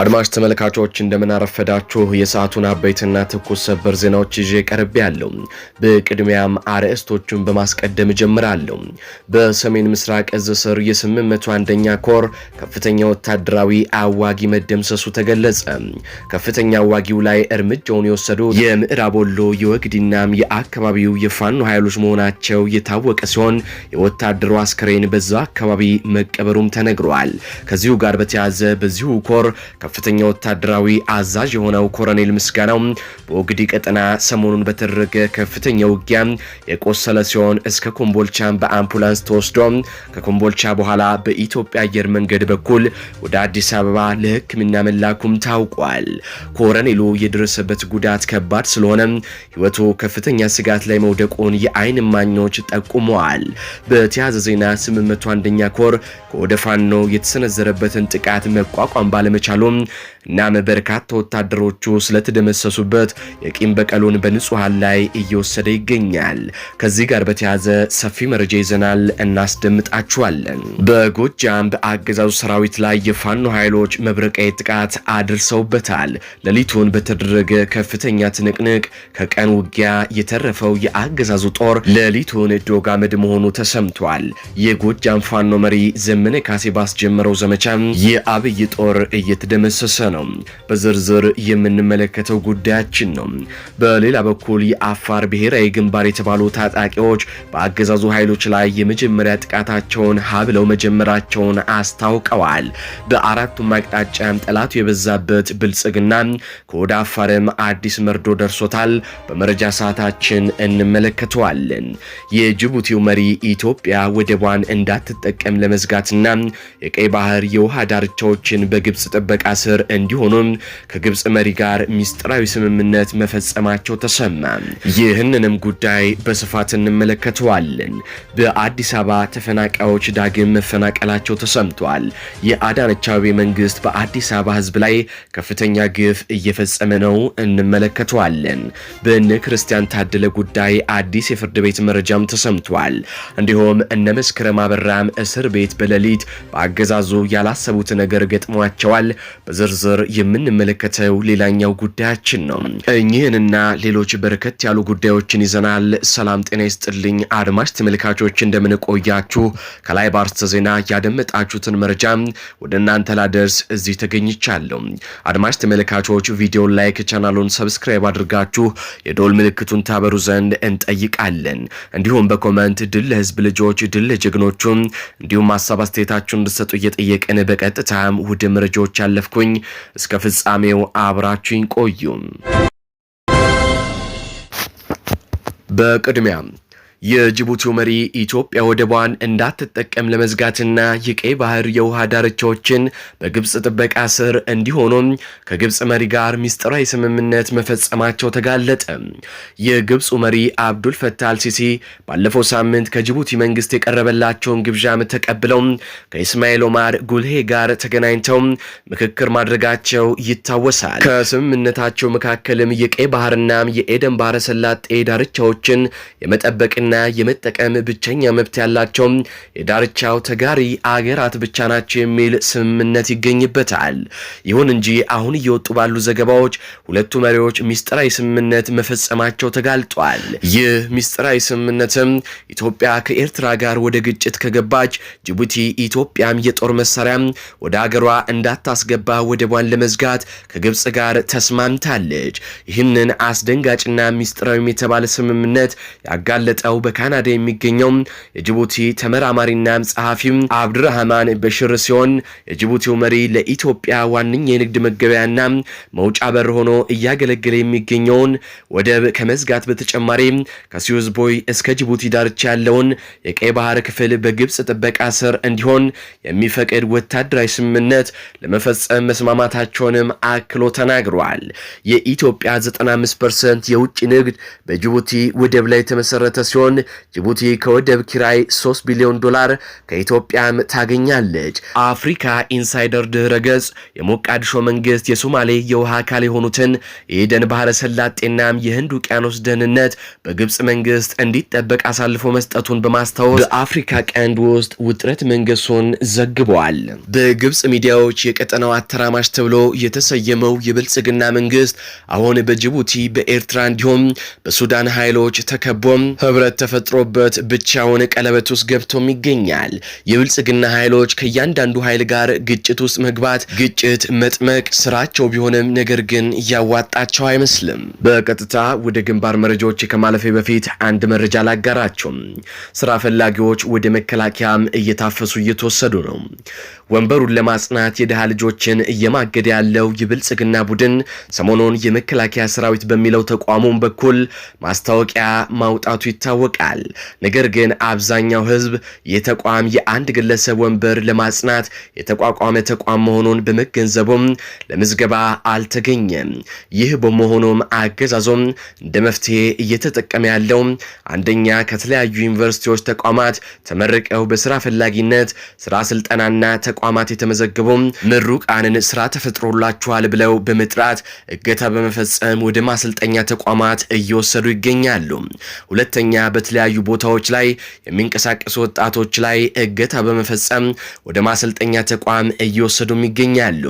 አድማጭ ተመልካቾች እንደምናረፈዳችሁ የሰዓቱን አበይትና ትኩስ ሰበር ዜናዎች ይዤ ቀርቤ ያለው። በቅድሚያም አርዕስቶቹን በማስቀደም እጀምራለሁ። በሰሜን ምስራቅ እዝ ስር የ801ኛ ኮር ከፍተኛ ወታደራዊ አዋጊ መደምሰሱ ተገለጸ። ከፍተኛ አዋጊው ላይ እርምጃውን የወሰዱ የምዕራብ ወሎ የወግዲናም የአካባቢው የፋኖ ኃይሎች መሆናቸው የታወቀ ሲሆን የወታደሩ አስክሬን በዛ አካባቢ መቀበሩም ተነግሯል። ከዚሁ ጋር በተያያዘ በዚሁ ኮር ከፍተኛ ወታደራዊ አዛዥ የሆነው ኮሎኔል ምስጋናው በኦግዲ ቀጠና ሰሞኑን በተደረገ ከፍተኛ ውጊያ የቆሰለ ሲሆን እስከ ኮምቦልቻን በአምቡላንስ ተወስዶ ከኮምቦልቻ በኋላ በኢትዮጵያ አየር መንገድ በኩል ወደ አዲስ አበባ ለሕክምና መላኩም ታውቋል። ኮሎኔሉ የደረሰበት ጉዳት ከባድ ስለሆነ ሕይወቱ ከፍተኛ ስጋት ላይ መውደቁን የአይን ማኞች ጠቁመዋል። በተያዘ ዜና 801ኛ ኮር ከወደ ፋኖ የተሰነዘረበትን ጥቃት መቋቋም ባለመቻሉም um, እናም በርካታ ወታደሮቹ ስለተደመሰሱበት የቂም በቀሉን በንጹሐን ላይ እየወሰደ ይገኛል። ከዚህ ጋር በተያያዘ ሰፊ መረጃ ይዘናል፣ እናስደምጣችኋለን። በጎጃም በአገዛዙ ሰራዊት ላይ የፋኖ ኃይሎች መብረቃዊ ጥቃት አድርሰውበታል። ሌሊቱን በተደረገ ከፍተኛ ትንቅንቅ ከቀን ውጊያ የተረፈው የአገዛዙ ጦር ሌሊቱን ዶጋመድ መሆኑ ተሰምቷል። የጎጃም ፋኖ መሪ ዘመነ ካሴ ባስጀመረው ዘመቻ የአብይ ጦር እየተደመሰሰ ነው። ነው በዝርዝር የምንመለከተው ጉዳያችን ነው። በሌላ በኩል የአፋር ብሔራዊ ግንባር የተባሉ ታጣቂዎች በአገዛዙ ኃይሎች ላይ የመጀመሪያ ጥቃታቸውን ሀብለው መጀመራቸውን አስታውቀዋል። በአራቱም አቅጣጫም ጠላቱ የበዛበት ብልጽግና ከወደ አፋርም አዲስ መርዶ ደርሶታል። በመረጃ ሰዓታችን እንመለከተዋለን። የጅቡቲው መሪ ኢትዮጵያ ወደቧን እንዳትጠቀም ለመዝጋትና የቀይ ባህር የውሃ ዳርቻዎችን በግብፅ ጥበቃ ስር እንዲሆኑም ከግብፅ መሪ ጋር ሚስጥራዊ ስምምነት መፈጸማቸው ተሰማ። ይህንንም ጉዳይ በስፋት እንመለከተዋለን። በአዲስ አበባ ተፈናቃዮች ዳግም መፈናቀላቸው ተሰምቷል። የአዳነች አቤቤ መንግስት በአዲስ አበባ ህዝብ ላይ ከፍተኛ ግፍ እየፈጸመ ነው፣ እንመለከተዋለን። በእነ ክርስቲያን ታደለ ጉዳይ አዲስ የፍርድ ቤት መረጃም ተሰምቷል። እንዲሁም እነ መስከረም አበራም እስር ቤት በሌሊት በአገዛዙ ያላሰቡት ነገር ገጥሟቸዋል። በዝርዝር በዝርዝር የምንመለከተው ሌላኛው ጉዳያችን ነው። እኚህንና ሌሎች በርከት ያሉ ጉዳዮችን ይዘናል። ሰላም ጤና ይስጥልኝ አድማጭ ተመልካቾች፣ እንደምንቆያችሁ ከላይ ባርስተ ዜና ያደመጣችሁትን መረጃ ወደ እናንተ ላደርስ እዚህ ተገኝቻለሁ። አድማጭ ተመልካቾች ቪዲዮን ላይክ፣ ቻናሉን ሰብስክራይብ አድርጋችሁ የዶል ምልክቱን ታበሩ ዘንድ እንጠይቃለን። እንዲሁም በኮመንት ድል ለህዝብ ልጆች፣ ድል ለጀግኖቹም እንዲሁም ሀሳብ አስተያየታችሁን እንድሰጡ እየጠየቅን በቀጥታ ውድ መረጃዎች ያለፍኩኝ እስከ ፍጻሜው አብራችኝ ቆዩም። በቅድሚያ የጅቡቲው መሪ ኢትዮጵያ ወደቧን እንዳትጠቀም ለመዝጋትና የቀይ ባህር የውሃ ዳርቻዎችን በግብፅ ጥበቃ ስር እንዲሆኑም ከግብፅ መሪ ጋር ሚስጥራዊ ስምምነት መፈጸማቸው ተጋለጠ። የግብፁ መሪ አብዱል ፈታህ አልሲሲ ባለፈው ሳምንት ከጅቡቲ መንግስት የቀረበላቸውን ግብዣም ተቀብለው ከኢስማኤል ኦማር ጉልሄ ጋር ተገናኝተው ምክክር ማድረጋቸው ይታወሳል። ከስምምነታቸው መካከልም የቀይ ባህርና የኤደን ባህረ ሰላጤ ዳርቻዎችን የመጠበቅ የመኖርና የመጠቀም ብቸኛ መብት ያላቸው የዳርቻው ተጋሪ አገራት ብቻ ናቸው የሚል ስምምነት ይገኝበታል። ይሁን እንጂ አሁን እየወጡ ባሉ ዘገባዎች ሁለቱ መሪዎች ሚስጥራዊ ስምምነት መፈጸማቸው ተጋልጧል። ይህ ሚስጥራዊ ስምምነትም ኢትዮጵያ ከኤርትራ ጋር ወደ ግጭት ከገባች ጅቡቲ ኢትዮጵያም የጦር መሳሪያ ወደ አገሯ እንዳታስገባ ወደቧን ለመዝጋት ከግብፅ ጋር ተስማምታለች። ይህንን አስደንጋጭና ሚስጥራዊም የተባለ ስምምነት ያጋለጠው በካናዳ የሚገኘው የጅቡቲ ተመራማሪና ጸሐፊ አብድራህማን በሽር ሲሆን የጅቡቲው መሪ ለኢትዮጵያ ዋነኛ የንግድ መገበያና መውጫ በር ሆኖ እያገለገለ የሚገኘውን ወደብ ከመዝጋት በተጨማሪ ከሲዩዝ ቦይ እስከ ጅቡቲ ዳርቻ ያለውን የቀይ ባህር ክፍል በግብፅ ጥበቃ ስር እንዲሆን የሚፈቅድ ወታደራዊ ስምምነት ለመፈጸም መስማማታቸውንም አክሎ ተናግሯል። የኢትዮጵያ 95 ፐርሰንት የውጭ ንግድ በጅቡቲ ወደብ ላይ የተመሰረተ ሲሆን ሲሆን ጅቡቲ ከወደብ ኪራይ 3 ቢሊዮን ዶላር ከኢትዮጵያም ታገኛለች። አፍሪካ ኢንሳይደር ድህረ ገጽ የሞቃዲሾ መንግስት የሶማሌ የውሃ አካል የሆኑትን የኤደን ባህረ ሰላጤናም የህንድ ውቅያኖስ ደህንነት በግብፅ መንግስት እንዲጠበቅ አሳልፎ መስጠቱን በማስታወስ በአፍሪካ ቀንድ ውስጥ ውጥረት መንገሱን ዘግበዋል። በግብፅ ሚዲያዎች የቀጠናው አተራማሽ ተብሎ የተሰየመው የብልጽግና መንግስት አሁን በጅቡቲ በኤርትራ እንዲሁም በሱዳን ኃይሎች ተከቦም ህብረት ተፈጥሮበት ብቻውን ቀለበት ውስጥ ገብቶም ይገኛል። የብልጽግና ኃይሎች ከእያንዳንዱ ኃይል ጋር ግጭት ውስጥ መግባት፣ ግጭት መጥመቅ ስራቸው ቢሆንም ነገር ግን እያዋጣቸው አይመስልም። በቀጥታ ወደ ግንባር መረጃዎች ከማለፌ በፊት አንድ መረጃ አላጋራቸውም። ስራ ፈላጊዎች ወደ መከላከያም እየታፈሱ እየተወሰዱ ነው። ወንበሩን ለማጽናት የድሃ ልጆችን እየማገደ ያለው የብልጽግና ቡድን ሰሞኑን የመከላከያ ሰራዊት በሚለው ተቋሙም በኩል ማስታወቂያ ማውጣቱ ይታወቃል። ይታወቃል። ነገር ግን አብዛኛው ህዝብ የተቋም የአንድ ግለሰብ ወንበር ለማጽናት የተቋቋመ ተቋም መሆኑን በመገንዘቡም ለምዝገባ አልተገኘም። ይህ በመሆኑም አገዛዞም እንደ መፍትሄ እየተጠቀመ ያለው አንደኛ ከተለያዩ ዩኒቨርሲቲዎች ተቋማት ተመርቀው በስራ ፈላጊነት ስራ ስልጠናና ተቋማት የተመዘገቡ ምሩቃንን ስራ ተፈጥሮላችኋል ብለው በመጥራት እገታ በመፈጸም ወደ ማሰልጠኛ ተቋማት እየወሰዱ ይገኛሉ። ሁለተኛ በተለያዩ ቦታዎች ላይ የሚንቀሳቀሱ ወጣቶች ላይ እገታ በመፈጸም ወደ ማሰልጠኛ ተቋም እየወሰዱም ይገኛሉ።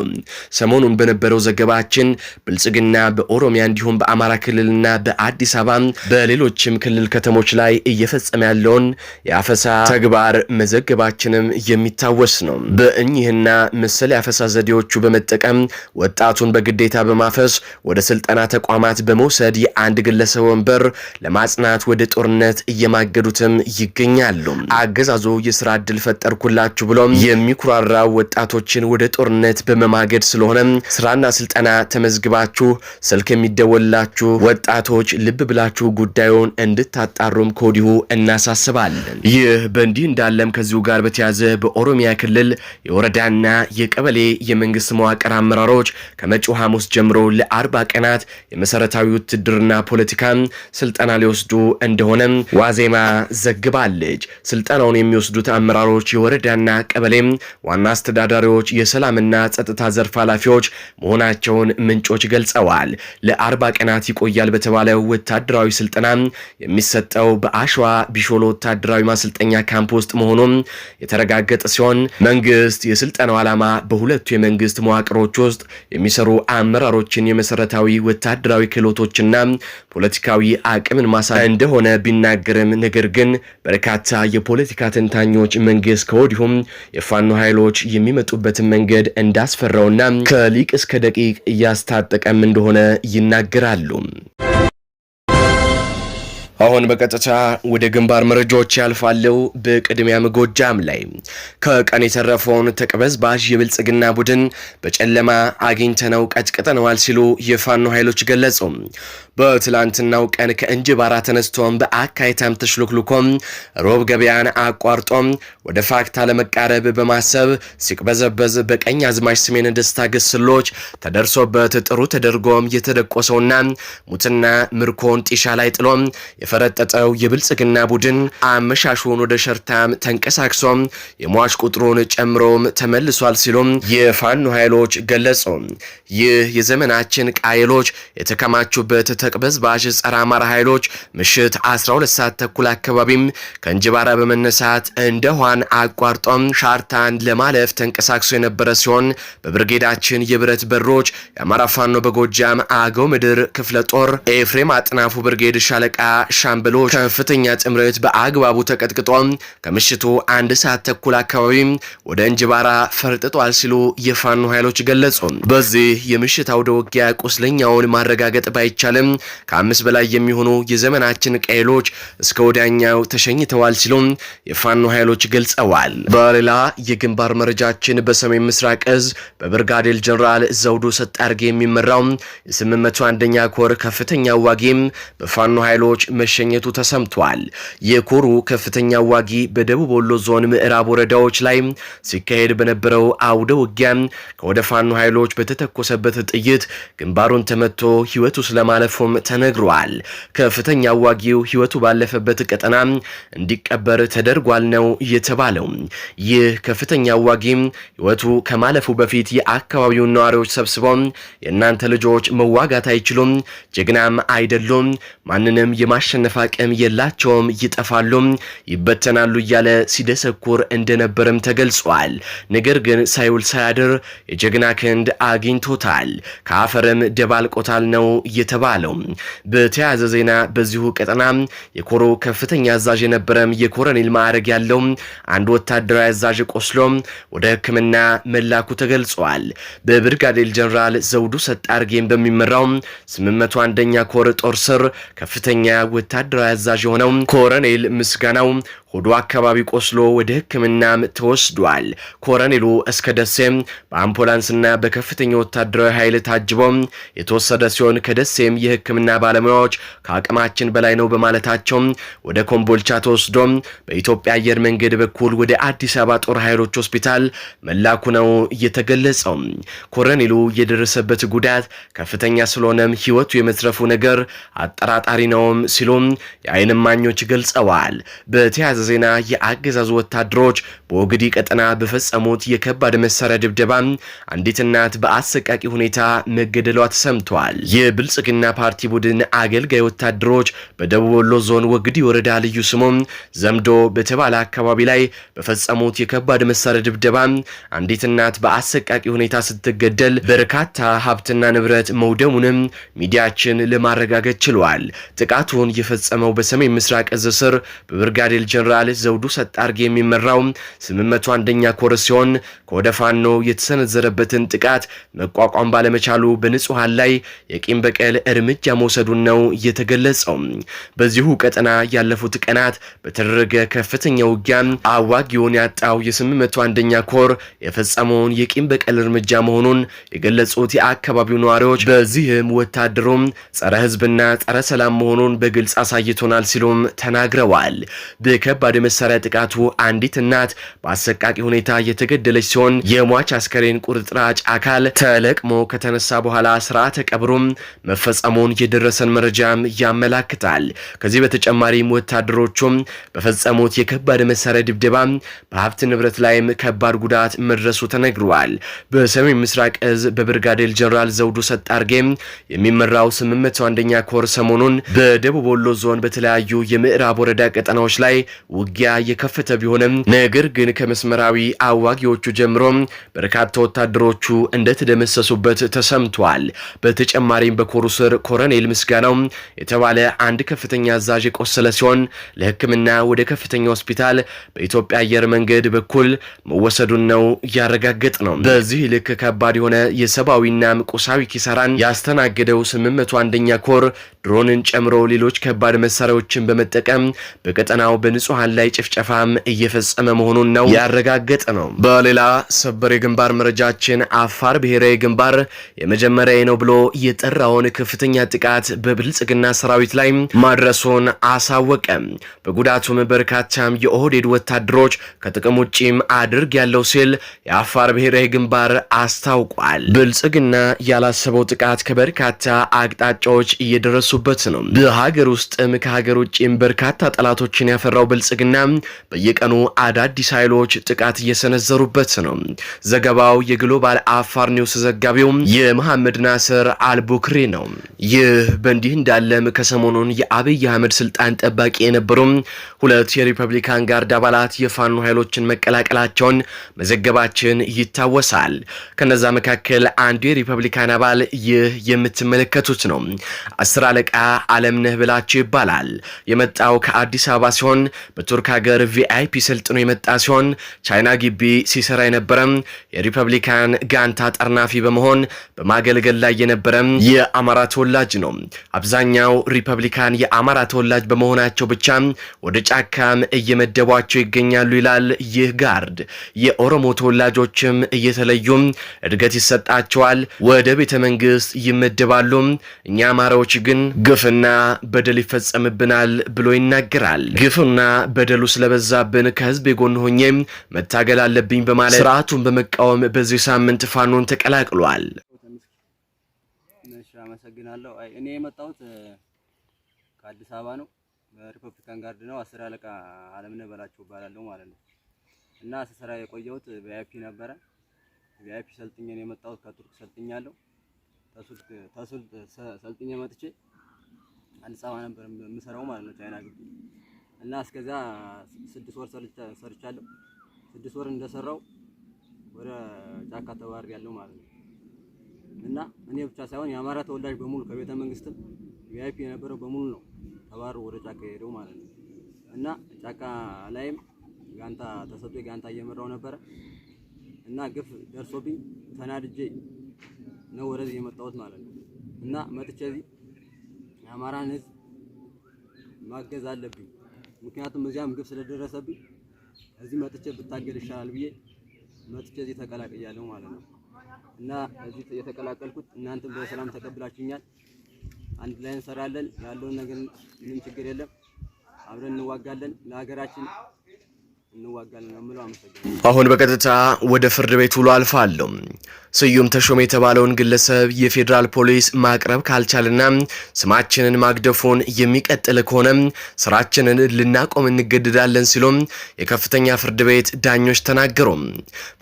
ሰሞኑን በነበረው ዘገባችን ብልጽግና በኦሮሚያ እንዲሁም በአማራ ክልልና በአዲስ አበባ በሌሎችም ክልል ከተሞች ላይ እየፈጸመ ያለውን የአፈሳ ተግባር መዘገባችንም የሚታወስ ነው። በእኚህና መሰል የአፈሳ ዘዴዎቹ በመጠቀም ወጣቱን በግዴታ በማፈስ ወደ ስልጠና ተቋማት በመውሰድ የአንድ ግለሰብ ወንበር ለማጽናት ወደ ጦርነት በማለት እየማገዱትም ይገኛሉ። አገዛዙ የስራ እድል ፈጠርኩላችሁ ብሎም የሚኩራራ ወጣቶችን ወደ ጦርነት በመማገድ ስለሆነ ስራና ስልጠና ተመዝግባችሁ ስልክ የሚደወላችሁ ወጣቶች ልብ ብላችሁ ጉዳዩን እንድታጣሩም ከወዲሁ እናሳስባለን። ይህ በእንዲህ እንዳለም ከዚሁ ጋር በተያዘ በኦሮሚያ ክልል የወረዳና የቀበሌ የመንግስት መዋቅር አመራሮች ከመጪው ሐሙስ ጀምሮ ለአርባ ቀናት የመሰረታዊ ውትድርና ፖለቲካ ስልጠና ሊወስዱ እንደሆነም ዋዜማ ዘግባለች። ስልጠናውን የሚወስዱት አመራሮች የወረዳና ቀበሌም ዋና አስተዳዳሪዎች፣ የሰላምና ጸጥታ ዘርፍ ኃላፊዎች መሆናቸውን ምንጮች ገልጸዋል። ለአርባ ቀናት ይቆያል በተባለው ወታደራዊ ስልጠና የሚሰጠው በአሸዋ ቢሾሎ ወታደራዊ ማሰልጠኛ ካምፕ ውስጥ መሆኑም የተረጋገጠ ሲሆን መንግስት የስልጠናው ዓላማ በሁለቱ የመንግስት መዋቅሮች ውስጥ የሚሰሩ አመራሮችን የመሰረታዊ ወታደራዊ ክህሎቶችና ፖለቲካዊ አቅምን ማሳ እንደሆነ ቢና አልተናገረም። ነገር ግን በርካታ የፖለቲካ ተንታኞች መንግስት ከወዲሁም የፋኖ ኃይሎች የሚመጡበትን መንገድ እንዳስፈራውና ከሊቅ እስከ ደቂቅ እያስታጠቀም እንደሆነ ይናገራሉ። አሁን በቀጥታ ወደ ግንባር መረጃዎች ያልፋለው። በቅድሚያም ጎጃም ላይ ከቀን የተረፈውን ተቅበዝባዥ የብልጽግና ቡድን በጨለማ አግኝተነው ቀጭቅጠነዋል ሲሉ የፋኖ ኃይሎች ገለጹ። በትላንትናው ቀን ከእንጅባራ ተነስቶም በአካይታም ተሽሎክልኮም ሮብ ገበያን አቋርጦም ወደ ፋክታ ለመቃረብ በማሰብ ሲቅበዘበዝ በቀኝ አዝማች ስሜን ደስታ ግስሎች ተደርሶበት ጥሩ ተደርጎም የተደቆሰውና ሙትና ምርኮን ጢሻ ላይ ጥሎም የፈረጠጠው የብልጽግና ቡድን አመሻሹን ወደ ሸርታም ተንቀሳቅሶም የሟች ቁጥሩን ጨምሮም ተመልሷል ሲሉም የፋኖ ኃይሎች ገለጹ። ይህ የዘመናችን ቃይሎች የተከማቹበት ተቅበዝባዥ ጸረ አማራ ኃይሎች ምሽት 12 ሰዓት ተኩል አካባቢም ከእንጅባራ በመነሳት እንደ ኋን አቋርጦም ሻርታን ለማለፍ ተንቀሳቅሶ የነበረ ሲሆን በብርጌዳችን የብረት በሮች የአማራ ፋኖ በጎጃም አገው ምድር ክፍለ ጦር ኤፍሬም አጥናፉ ብርጌድ ሻለቃ ሻምበሎች ከፍተኛ ጥምረት በአግባቡ ተቀጥቅጦ ከምሽቱ አንድ ሰዓት ተኩል አካባቢም ወደ እንጅባራ ፈርጥጧል ሲሉ የፋኖ ኃይሎች ገለጹ። በዚህ የምሽት አውደ ውጊያ ቁስለኛውን ማረጋገጥ ባይቻልም ከአምስት በላይ የሚሆኑ የዘመናችን ቀይሎች እስከ ወዲያኛው ተሸኝተዋል ሲሉም የፋኖ ኃይሎች ገልጸዋል። በሌላ የግንባር መረጃችን በሰሜን ምስራቅ እዝ በብርጋዴር ጀኔራል ዘውዱ ሰጣርጌ የሚመራው የስምመቱ አንደኛ ኮር ከፍተኛ ዋጊም በፋኖ ኃይሎች መሸኘቱ ተሰምቷል። የኮሩ ከፍተኛ ዋጊ በደቡብ ወሎ ዞን ምዕራብ ወረዳዎች ላይ ሲካሄድ በነበረው አውደ ውጊያ ከወደ ፋኖ ኃይሎች በተተኮሰበት ጥይት ግንባሩን ተመቶ ህይወቱ ስለማለፉ መሆናቸውም ተነግሯል። ከፍተኛ አዋጊው ህይወቱ ባለፈበት ቀጠና እንዲቀበር ተደርጓል ነው የተባለው። ይህ ከፍተኛ አዋጊ ህይወቱ ከማለፉ በፊት የአካባቢውን ነዋሪዎች ሰብስበው የእናንተ ልጆች መዋጋት አይችሉም፣ ጀግናም አይደሉም፣ ማንንም የማሸነፍ አቅም የላቸውም፣ ይጠፋሉ፣ ይበተናሉ እያለ ሲደሰኩር እንደነበርም ተገልጿል። ነገር ግን ሳይውል ሳያድር የጀግና ክንድ አግኝቶታል፣ ከአፈርም ደባልቆታል ነው የተባለው። ነው። በተያያዘ ዜና በዚሁ ቀጠና የኮሮ ከፍተኛ አዛዥ የነበረም የኮረኔል ማዕረግ ያለው አንድ ወታደራዊ አዛዥ ቆስሎ ወደ ሕክምና መላኩ ተገልጿል። በብርጋዴር ጀኔራል ዘውዱ ሰጥ አርጌን በሚመራው 801ኛ ኮር ጦር ስር ከፍተኛ ወታደራዊ አዛዥ የሆነው ኮረኔል ምስጋናው ሆዱ አካባቢ ቆስሎ ወደ ህክምና ተወስዷል። ኮረኔሉ እስከ ደሴም በአምቡላንስና በከፍተኛ ወታደራዊ ኃይል ታጅቦም የተወሰደ ሲሆን ከደሴም የህክምና ባለሙያዎች ከአቅማችን በላይ ነው በማለታቸው ወደ ኮምቦልቻ ተወስዶም በኢትዮጵያ አየር መንገድ በኩል ወደ አዲስ አበባ ጦር ኃይሎች ሆስፒታል መላኩ ነው እየተገለጸው። ኮረኔሉ የደረሰበት ጉዳት ከፍተኛ ስለሆነም ህይወቱ የመትረፉ ነገር አጠራጣሪ ነውም ሲሉም የአይን እማኞች ገልጸዋል። በተያያዘ በተያያዘ ዜና የአገዛዙ ወታደሮች በወግዲ ቀጠና በፈጸሙት የከባድ መሳሪያ ድብደባ አንዲት እናት በአሰቃቂ ሁኔታ መገደሏ ተሰምቷል። የብልጽግና ፓርቲ ቡድን አገልጋይ ወታደሮች በደቡብ ወሎ ዞን ወግዲ ወረዳ ልዩ ስሙ ዘምዶ በተባለ አካባቢ ላይ በፈጸሙት የከባድ መሳሪያ ድብደባ አንዲት እናት በአሰቃቂ ሁኔታ ስትገደል በርካታ ሀብትና ንብረት መውደሙንም ሚዲያችን ለማረጋገጥ ችሏል። ጥቃቱን የፈጸመው በሰሜን ምስራቅ እዝ ስር በብርጋዴር ጀነራል ጀነራል ዘውዱ ሰጣርጌ የሚመራው 801 አንደኛ ኮር ሲሆን ከወደ ፋኖ የተሰነዘረበትን ጥቃት መቋቋም ባለመቻሉ በንጹሐን ላይ የቂም በቀል እርምጃ መውሰዱን ነው የተገለጸው። በዚሁ ቀጠና ያለፉት ቀናት በተደረገ ከፍተኛ ውጊያ አዋጊውን ያጣው የ አንደኛ ኮር የፈጸመውን የቂም በቀል እርምጃ መሆኑን የገለጹት የአካባቢው ነዋሪዎች በዚህም ወታደሩም ጸረ ህዝብና ጸረ ሰላም መሆኑን በግልጽ አሳይቶናል ሲሉም ተናግረዋል። በከባድ መሳሪያ ጥቃቱ አንዲት እናት በአሰቃቂ ሁኔታ የተገደለች ሲሆን የሟች አስከሬን ቁርጥራጭ አካል ተለቅሞ ከተነሳ በኋላ ስርዓተ ቀብሩም መፈጸሙን የደረሰን መረጃም ያመላክታል። ከዚህ በተጨማሪም ወታደሮቹም በፈጸሙት የከባድ መሳሪያ ድብደባ በሀብት ንብረት ላይም ከባድ ጉዳት መድረሱ ተነግሯል። በሰሜን ምስራቅ እዝ በብርጋዴር ጀኔራል ዘውዱ ሰጣርጌም የሚመራው 801ኛ ኮር ሰሞኑን በደቡብ ወሎ ዞን በተለያዩ የምዕራብ ወረዳ ቀጠናዎች ላይ ውጊያ እየከፈተ ቢሆንም ነገር ግን ከመስመራዊ አዋጊዎቹ ጀምሮ በርካታ ወታደሮቹ እንደተደመሰሱበት ተሰምቷል። በተጨማሪም በኮሩ ስር ኮረኔል ምስጋናው የተባለ አንድ ከፍተኛ አዛዥ የቆሰለ ሲሆን ለሕክምና ወደ ከፍተኛ ሆስፒታል በኢትዮጵያ አየር መንገድ በኩል መወሰዱን ነው እያረጋገጥ ነው። በዚህ ልክ ከባድ የሆነ የሰብአዊና ቁሳዊ ኪሳራን ያስተናገደው ስምመቱ አንደኛ ኮር ድሮንን ጨምሮ ሌሎች ከባድ መሳሪያዎችን በመጠቀም በቀጠናው በንጹ ንጹሐን ላይ ጭፍጨፋም እየፈጸመ መሆኑን ነው ያረጋገጠ ነው። በሌላ ሰበር የግንባር መረጃችን አፋር ብሔራዊ ግንባር የመጀመሪያ ነው ብሎ የጠራውን ከፍተኛ ጥቃት በብልጽግና ሰራዊት ላይ ማድረሱን አሳወቀ። በጉዳቱም በርካታም የኦህዴድ ወታደሮች ከጥቅም ውጪም አድርግ ያለው ሲል የአፋር ብሔራዊ ግንባር አስታውቋል። ብልጽግና ያላሰበው ጥቃት ከበርካታ አቅጣጫዎች እየደረሱበት ነው። በሀገር ውስጥም ከሀገር ውጭም በርካታ ጠላቶችን ያፈራው ብልጽ ብልጽግና በየቀኑ አዳዲስ ኃይሎች ጥቃት እየሰነዘሩበት ነው። ዘገባው የግሎባል አፋር ኒውስ ዘጋቢው የመሐመድ ናስር አልቡክሪ ነው። ይህ በእንዲህ እንዳለም ከሰሞኑን የአብይ አህመድ ስልጣን ጠባቂ የነበሩ ሁለት የሪፐብሊካን ጋርድ አባላት የፋኖ ኃይሎችን መቀላቀላቸውን መዘገባችን ይታወሳል። ከነዛ መካከል አንዱ የሪፐብሊካን አባል ይህ የምትመለከቱት ነው። አስር አለቃ አለምነህ ብላቸው ይባላል። የመጣው ከአዲስ አበባ ሲሆን በቱርክ ሀገር ቪአይፒ ሰልጥኖ የመጣ ሲሆን ቻይና ግቢ ሲሰራ የነበረም የሪፐብሊካን ጋንታ ጠርናፊ በመሆን በማገልገል ላይ የነበረም የአማራ ተወላጅ ነው። አብዛኛው ሪፐብሊካን የአማራ ተወላጅ በመሆናቸው ብቻ ወደ ጫካም እየመደቧቸው ይገኛሉ ይላል ይህ ጋርድ። የኦሮሞ ተወላጆችም እየተለዩም እድገት ይሰጣቸዋል፣ ወደ ቤተ መንግስት ይመደባሉ። እኛ አማራዎች ግን ግፍና በደል ይፈጸምብናል ብሎ ይናገራል። ግፍና በደሉ ስለበዛብን ከህዝብ የጎን ሆኜ መታገል አለብኝ በማለት ስርዓቱን በመቃወም በዚህ ሳምንት ፋኖን ተቀላቅሏል። አመሰግናለሁ። እኔ የመጣሁት ከአዲስ አበባ ነው። በሪፐብሊካን ጋርድ ነው። አስር አለቃ አለምነህ በላቸው እባላለሁ ማለት ነው። እና ስሰራ የቆየሁት ቪአይፒ ነበረ። ቪአይፒ ሰልጥኜ ነው የመጣሁት። ከቱርክ ሰልጥኛለሁ። ተሱልት ሰልጥኜ መጥቼ አዲስ አበባ ነበር የምሰራው ማለት ነው ቻይና ግቢ እና እስከዛ ስድስት ወር ሰርቻለሁ። ስድስት ወር እንደሰራው ወደ ጫካ ተባር ያለው ማለት ነው። እና እኔ ብቻ ሳይሆን የአማራ ተወላጅ በሙሉ ከቤተ መንግስትም ቪአይፒ የነበረው በሙሉ ነው ተባሩ ወደ ጫካ የሄደው ማለት ነው። እና ጫካ ላይም ጋንታ ተሰጥቶ ጋንታ እየመራው ነበረ እና ግፍ ደርሶብኝ ተናድጄ ነው ወደዚህ የመጣሁት ማለት ነው። እና መጥቼ እዚህ የአማራን ህዝብ ማገዝ አለብኝ ምክንያቱም እዚያ ምግብ ስለደረሰብኝ እዚህ መጥቼ ብታገል ይሻላል ብዬ መጥቼ እዚህ ተቀላቅያለሁ ማለት ነው። እና እዚህ የተቀላቀልኩት እናንተም በሰላም ተቀብላችሁኛል። አንድ ላይ እንሰራለን። ያለውን ነገር ምንም ችግር የለም። አብረን እንዋጋለን ለሀገራችን አሁን በቀጥታ ወደ ፍርድ ቤት ውሎ አልፋለሁ። ስዩም ተሾመ የተባለውን ግለሰብ የፌዴራል ፖሊስ ማቅረብ ካልቻለና ስማችንን ማግደፉን የሚቀጥል ከሆነ ስራችንን ልናቆም እንገደዳለን ሲሉም የከፍተኛ ፍርድ ቤት ዳኞች ተናገሩ።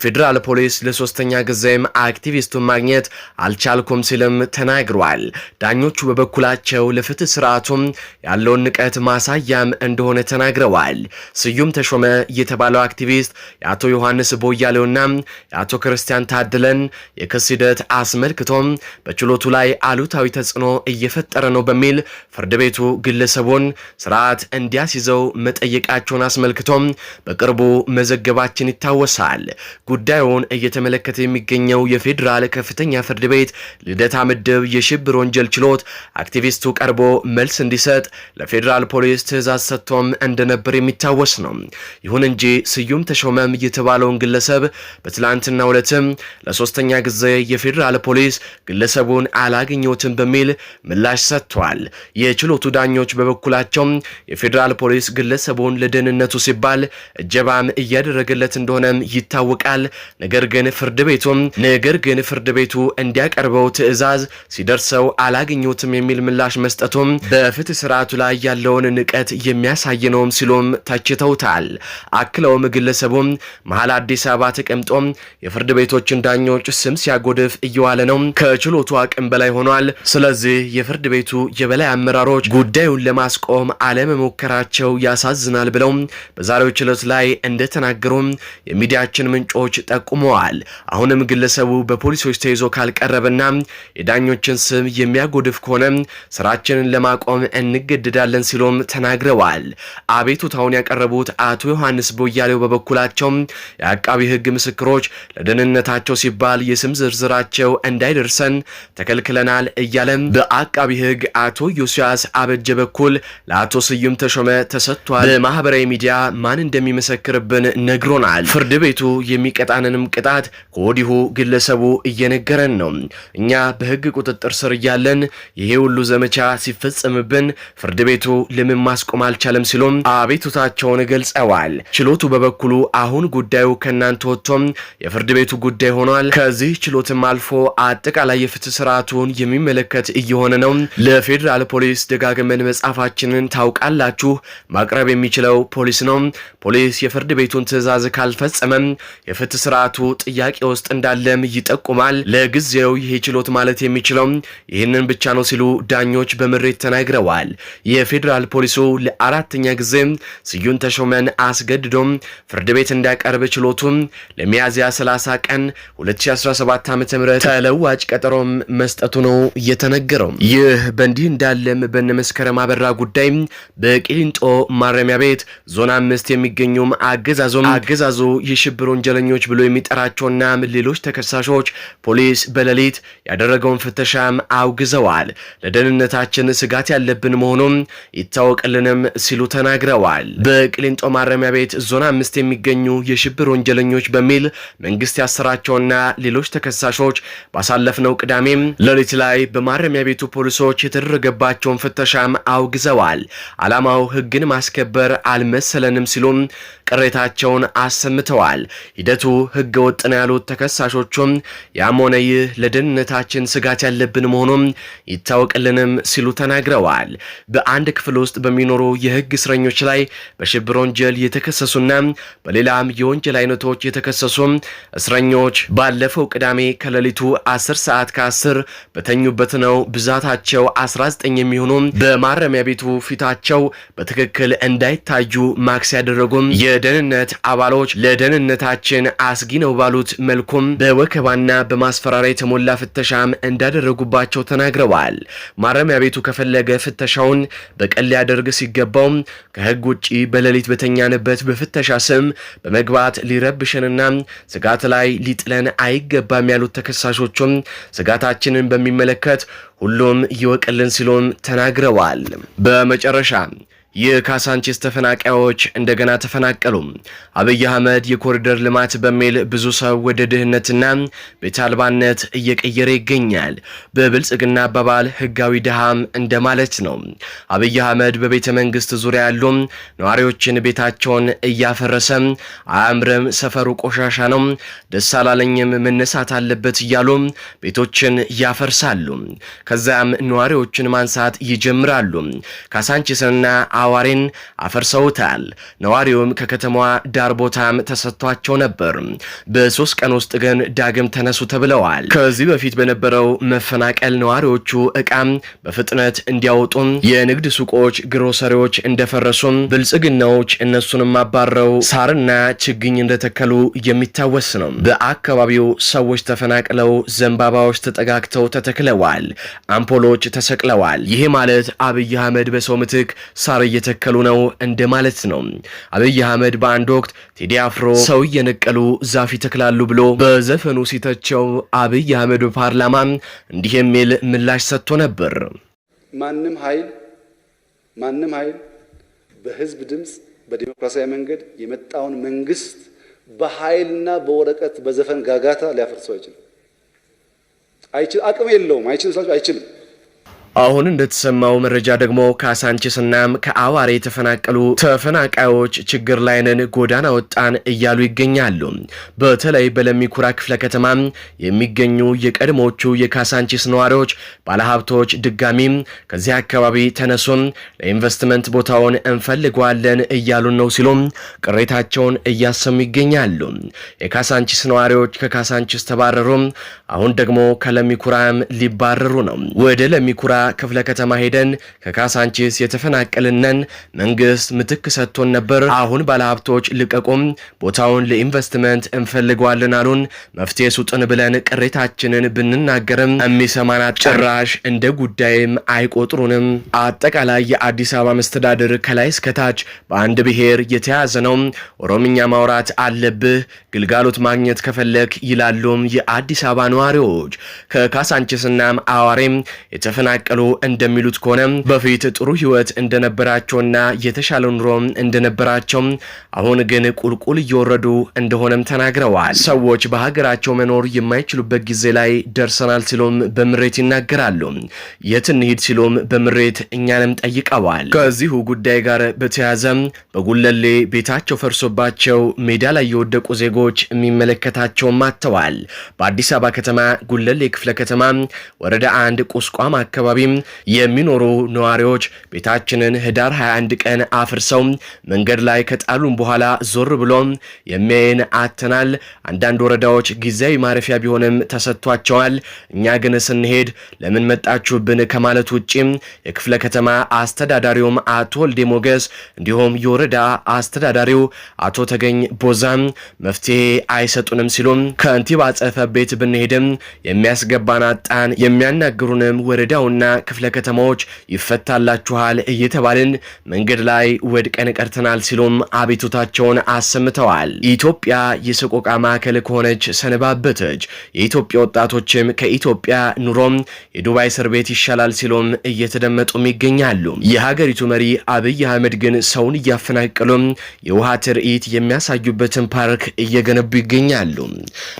ፌዴራል ፖሊስ ለሶስተኛ ጊዜም አክቲቪስቱን ማግኘት አልቻልኩም ሲልም ተናግሯል። ዳኞቹ በበኩላቸው ለፍትህ ስርዓቱም ያለውን ንቀት ማሳያም እንደሆነ ተናግረዋል። ስዩም ተሾመ የተባለው አክቲቪስት የአቶ ዮሐንስ ቦያሌውና የአቶ ክርስቲያን ታድለን የክስ ሂደት አስመልክቶም በችሎቱ ላይ አሉታዊ ተጽዕኖ እየፈጠረ ነው በሚል ፍርድ ቤቱ ግለሰቡን ስርዓት እንዲያስይዘው መጠየቃቸውን አስመልክቶም በቅርቡ መዘገባችን ይታወሳል። ጉዳዩን እየተመለከተ የሚገኘው የፌዴራል ከፍተኛ ፍርድ ቤት ልደታ ምድብ የሽብር ወንጀል ችሎት አክቲቪስቱ ቀርቦ መልስ እንዲሰጥ ለፌዴራል ፖሊስ ትዕዛዝ ሰጥቶም እንደነበር የሚታወስ ነው። ይሁን እንጂ ስዩም ተሾመም የተባለውን ግለሰብ በትላንትና ዕለትም ለሶስተኛ ጊዜ የፌዴራል ፖሊስ ግለሰቡን አላገኘሁትም በሚል ምላሽ ሰጥቷል። የችሎቱ ዳኞች በበኩላቸው የፌዴራል ፖሊስ ግለሰቡን ለደህንነቱ ሲባል እጀባም እያደረገለት እንደሆነም ይታወቃል። ነገር ግን ፍርድ ቤቱም ነገር ግን ፍርድ ቤቱ እንዲያቀርበው ትዕዛዝ ሲደርሰው አላገኘሁትም የሚል ምላሽ መስጠቱም በፍትህ ስርዓቱ ላይ ያለውን ንቀት የሚያሳይ ነውም ሲሉም ተችተውታል። አክለውም ግለሰቡም መሀል አዲስ አበባ ተቀምጦ የፍርድ ቤቶችን ዳኞች ስም ሲያጎድፍ እየዋለ ነው። ከችሎቱ አቅም በላይ ሆኗል። ስለዚህ የፍርድ ቤቱ የበላይ አመራሮች ጉዳዩን ለማስቆም አለመሞከራቸው ያሳዝናል ብለው በዛሬው ችሎት ላይ እንደተናገሩም የሚዲያችን ምንጮች ጠቁመዋል። አሁንም ግለሰቡ በፖሊሶች ተይዞ ካልቀረበና የዳኞችን ስም የሚያጎድፍ ከሆነ ስራችንን ለማቆም እንገደዳለን ሲሉም ተናግረዋል። አቤቱታውን ያቀረቡት አቶ ዮሐንስ ቄስ ቦያሌው በበኩላቸው የአቃቢ ህግ ምስክሮች ለደህንነታቸው ሲባል የስም ዝርዝራቸው እንዳይደርሰን ተከልክለናል እያለም በአቃቢ ህግ አቶ ዮስያስ አበጀ በኩል ለአቶ ስዩም ተሾመ ተሰጥቷል። በማህበራዊ ሚዲያ ማን እንደሚመሰክርብን ነግሮናል። ፍርድ ቤቱ የሚቀጣንንም ቅጣት ከወዲሁ ግለሰቡ እየነገረን ነው። እኛ በህግ ቁጥጥር ስር እያለን ይሄ ሁሉ ዘመቻ ሲፈጸምብን ፍርድ ቤቱ ለምን ማስቆም አልቻለም? ሲሉም አቤቱታቸውን ገልጸዋል። ችሎቱ በበኩሉ አሁን ጉዳዩ ከእናንተ ወጥቶም የፍርድ ቤቱ ጉዳይ ሆኗል። ከዚህ ችሎትም አልፎ አጠቃላይ የፍትህ ስርዓቱን የሚመለከት እየሆነ ነው። ለፌዴራል ፖሊስ ደጋግመን መጻፋችንን ታውቃላችሁ። ማቅረብ የሚችለው ፖሊስ ነው። ፖሊስ የፍርድ ቤቱን ትዕዛዝ ካልፈጸመም የፍትህ ስርዓቱ ጥያቄ ውስጥ እንዳለም ይጠቁማል። ለጊዜው ይህ ችሎት ማለት የሚችለው ይህንን ብቻ ነው ሲሉ ዳኞች በምሬት ተናግረዋል። የፌዴራል ፖሊሱ ለአራተኛ ጊዜ ስዩን ተሾመን አስገድ አስገድዶም ፍርድ ቤት እንዲያቀርብ ችሎቱም ለሚያዝያ 30 ቀን 2017 ዓ.ም ተለዋጭ ቀጠሮም መስጠቱ ነው እየተነገረው። ይህ በእንዲህ እንዳለም በነመስከረም አበራ ጉዳይ በቂሊንጦ ማረሚያ ቤት ዞን አምስት የሚገኙም አገዛዞም አገዛዞ የሽብር ወንጀለኞች ብሎ የሚጠራቸውና ሌሎች ተከሳሾች ፖሊስ በሌሊት ያደረገውን ፍተሻም አውግዘዋል። ለደህንነታችን ስጋት ያለብን መሆኑም ይታወቅልንም ሲሉ ተናግረዋል። በቅሊንጦ ማረሚያ ቤት ዞን አምስት የሚገኙ የሽብር ወንጀለኞች በሚል መንግስት ያሰራቸውና ሌሎች ተከሳሾች ባሳለፍነው ቅዳሜም ሌሊት ላይ በማረሚያ ቤቱ ፖሊሶች የተደረገባቸውን ፍተሻም አውግዘዋል። ዓላማው ህግን ማስከበር አልመሰለንም ሲሉም ቅሬታቸውን አሰምተዋል። ሂደቱ ህገ ወጥ ነው ያሉት ተከሳሾቹም ያም ሆነ ይህ ለደህንነታችን ስጋት ያለብን መሆኑም ይታወቅልንም ሲሉ ተናግረዋል። በአንድ ክፍል ውስጥ በሚኖሩ የህግ እስረኞች ላይ በሽብር ወንጀል የተከሰሱ የተከሰሱና በሌላም የወንጀል አይነቶች የተከሰሱ እስረኞች ባለፈው ቅዳሜ ከሌሊቱ 10 ሰዓት ከ10 በተኙበት ነው ብዛታቸው 19 የሚሆኑ በማረሚያ ቤቱ ፊታቸው በትክክል እንዳይታዩ ማክስ ያደረጉም የደህንነት አባሎች ለደህንነታችን አስጊ ነው ባሉት መልኩም በወከባና በማስፈራሪያ የተሞላ ፍተሻም እንዳደረጉባቸው ተናግረዋል። ማረሚያ ቤቱ ከፈለገ ፍተሻውን በቀን ሊያደርግ ሲገባው ከህግ ውጭ በሌሊት በተኛንበት በፍተሻ ስም በመግባት ሊረብሸንና ስጋት ላይ ሊጥለን አይገባም ያሉት ተከሳሾቹም ስጋታችንን በሚመለከት ሁሉም ይወቅልን ሲሉም ተናግረዋል። በመጨረሻ የካሳንቺስ ተፈናቃዮች እንደገና ተፈናቀሉ። አብይ አህመድ የኮሪደር ልማት በሚል ብዙ ሰው ወደ ድህነትና ቤት አልባነት እየቀየረ ይገኛል። በብልጽግና አባባል ህጋዊ ድሃም እንደማለት ነው። አብይ አህመድ በቤተ መንግስት ዙሪያ ያሉ ነዋሪዎችን ቤታቸውን እያፈረሰ አያምርም፣ ሰፈሩ ቆሻሻ ነው፣ ደስ አላለኝም፣ መነሳት አለበት እያሉ ቤቶችን ያፈርሳሉ። ከዚያም ነዋሪዎችን ማንሳት ይጀምራሉ። ካሳንቺስንና አዋሬን አፈርሰውታል። ነዋሪውም ከከተማዋ ዳር ቦታም ተሰጥቷቸው ነበር። በሶስት ቀን ውስጥ ግን ዳግም ተነሱ ተብለዋል። ከዚህ በፊት በነበረው መፈናቀል ነዋሪዎቹ እቃም በፍጥነት እንዲያወጡም፣ የንግድ ሱቆች፣ ግሮሰሪዎች እንደፈረሱም፣ ብልጽግናዎች እነሱንም አባረው ሳርና ችግኝ እንደተከሉ የሚታወስ ነው። በአካባቢው ሰዎች ተፈናቅለው ዘንባባዎች ተጠጋግተው ተተክለዋል። አምፖሎች ተሰቅለዋል። ይሄ ማለት አብይ አህመድ በሰው ምትክ ሳር እየተከሉ ነው እንደማለት ነው። አብይ አህመድ በአንድ ወቅት ቴዲ አፍሮ ሰው እየነቀሉ ዛፍ ይተክላሉ ብሎ በዘፈኑ ሲተቸው አብይ አህመድ በፓርላማ እንዲህ የሚል ምላሽ ሰጥቶ ነበር። ማንም ኃይል ማንም ኃይል በህዝብ ድምፅ በዲሞክራሲያዊ መንገድ የመጣውን መንግስት በኃይልና በወረቀት በዘፈን ጋጋታ ሊያፈርሰው አይችልም። አቅም የለውም። አይችልም። አሁን እንደተሰማው መረጃ ደግሞ ከሳንቼስናም ከአዋሬ የተፈናቀሉ ተፈናቃዮች ችግር ላይንን ጎዳና ወጣን እያሉ ይገኛሉ። በተለይ በለሚኩራ ክፍለ ከተማ የሚገኙ የቀድሞቹ የካሳንቺስ ነዋሪዎች ባለሀብቶች ድጋሚ ከዚህ አካባቢ ተነሱን፣ ለኢንቨስትመንት ቦታውን እንፈልገዋለን እያሉን ነው ሲሉም ቅሬታቸውን እያሰሙ ይገኛሉ። የካሳንቺስ ነዋሪዎች ከካሳንቺስ ተባረሩ። አሁን ደግሞ ከለሚኩራም ሊባረሩ ነው። ወደ ለሚኩራ ክፍለ ከተማ ሄደን ከካሳንቺስ የተፈናቀልነን መንግስት ምትክ ሰጥቶን ነበር። አሁን ባለሀብቶች ልቀቁም፣ ቦታውን ለኢንቨስትመንት እንፈልገዋለን አሉን። መፍትሄ ሱጥን ብለን ቅሬታችንን ብንናገርም የሚሰማናት ጭራሽ እንደ ጉዳይም አይቆጥሩንም። አጠቃላይ የአዲስ አበባ መስተዳድር ከላይ እስከታች በአንድ ብሔር የተያዘ ነው። ኦሮምኛ ማውራት አለብህ ግልጋሎት ማግኘት ከፈለክ ይላሉም የአዲስ አበባ ነዋሪዎች ከካሳንቺስናም አዋሬም የተፈናቀሉ በቀሉ እንደሚሉት ከሆነ በፊት ጥሩ ህይወት እንደነበራቸውና የተሻለ ኑሮም እንደነበራቸው አሁን ግን ቁልቁል እየወረዱ እንደሆነም ተናግረዋል። ሰዎች በሀገራቸው መኖር የማይችሉበት ጊዜ ላይ ደርሰናል ሲሉም በምሬት ይናገራሉ። የት እንሂድ ሲሉም በምሬት እኛንም ጠይቀዋል። ከዚሁ ጉዳይ ጋር በተያያዘ በጉለሌ ቤታቸው ፈርሶባቸው ሜዳ ላይ የወደቁ ዜጎች የሚመለከታቸውም አጥተዋል። በአዲስ አበባ ከተማ ጉለሌ ክፍለ ከተማ ወረዳ አንድ ቁስቋም አካባቢ የሚኖሩ ነዋሪዎች ቤታችንን ህዳር 21 ቀን አፍርሰው መንገድ ላይ ከጣሉን በኋላ ዞር ብሎ የሚያየን አተናል። አንዳንድ ወረዳዎች ጊዜያዊ ማረፊያ ቢሆንም ተሰጥቷቸዋል። እኛ ግን ስንሄድ ለምን መጣችሁብን ከማለት ውጭ የክፍለ ከተማ አስተዳዳሪውም አቶ ወልዴ ሞገስ እንዲሁም የወረዳ አስተዳዳሪው አቶ ተገኝ ቦዛም መፍትሄ አይሰጡንም ሲሉም ከንቲባ ጽሕፈት ቤት ብንሄድም የሚያስገባን አጣን፣ የሚያናግሩንም ወረዳውና ክፍለ ከተማዎች ይፈታላችኋል እየተባልን መንገድ ላይ ወድቀን ቀርተናል ሲሉም አቤቱታቸውን አሰምተዋል። ኢትዮጵያ የሰቆቃ ማዕከል ከሆነች ሰነባበተች። የኢትዮጵያ ወጣቶችም ከኢትዮጵያ ኑሮም የዱባይ እስር ቤት ይሻላል ሲሉም እየተደመጡም ይገኛሉ። የሀገሪቱ መሪ አብይ አህመድ ግን ሰውን እያፈናቀሉም የውሃ ትርኢት የሚያሳዩበትን ፓርክ እየገነቡ ይገኛሉ።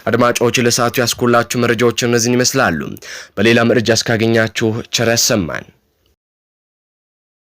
አድማጮች ለሰዓቱ ያስኩላችሁ መረጃዎች እነዚህን ይመስላሉ። በሌላ መረጃ እስካገኛችሁ Charassaman.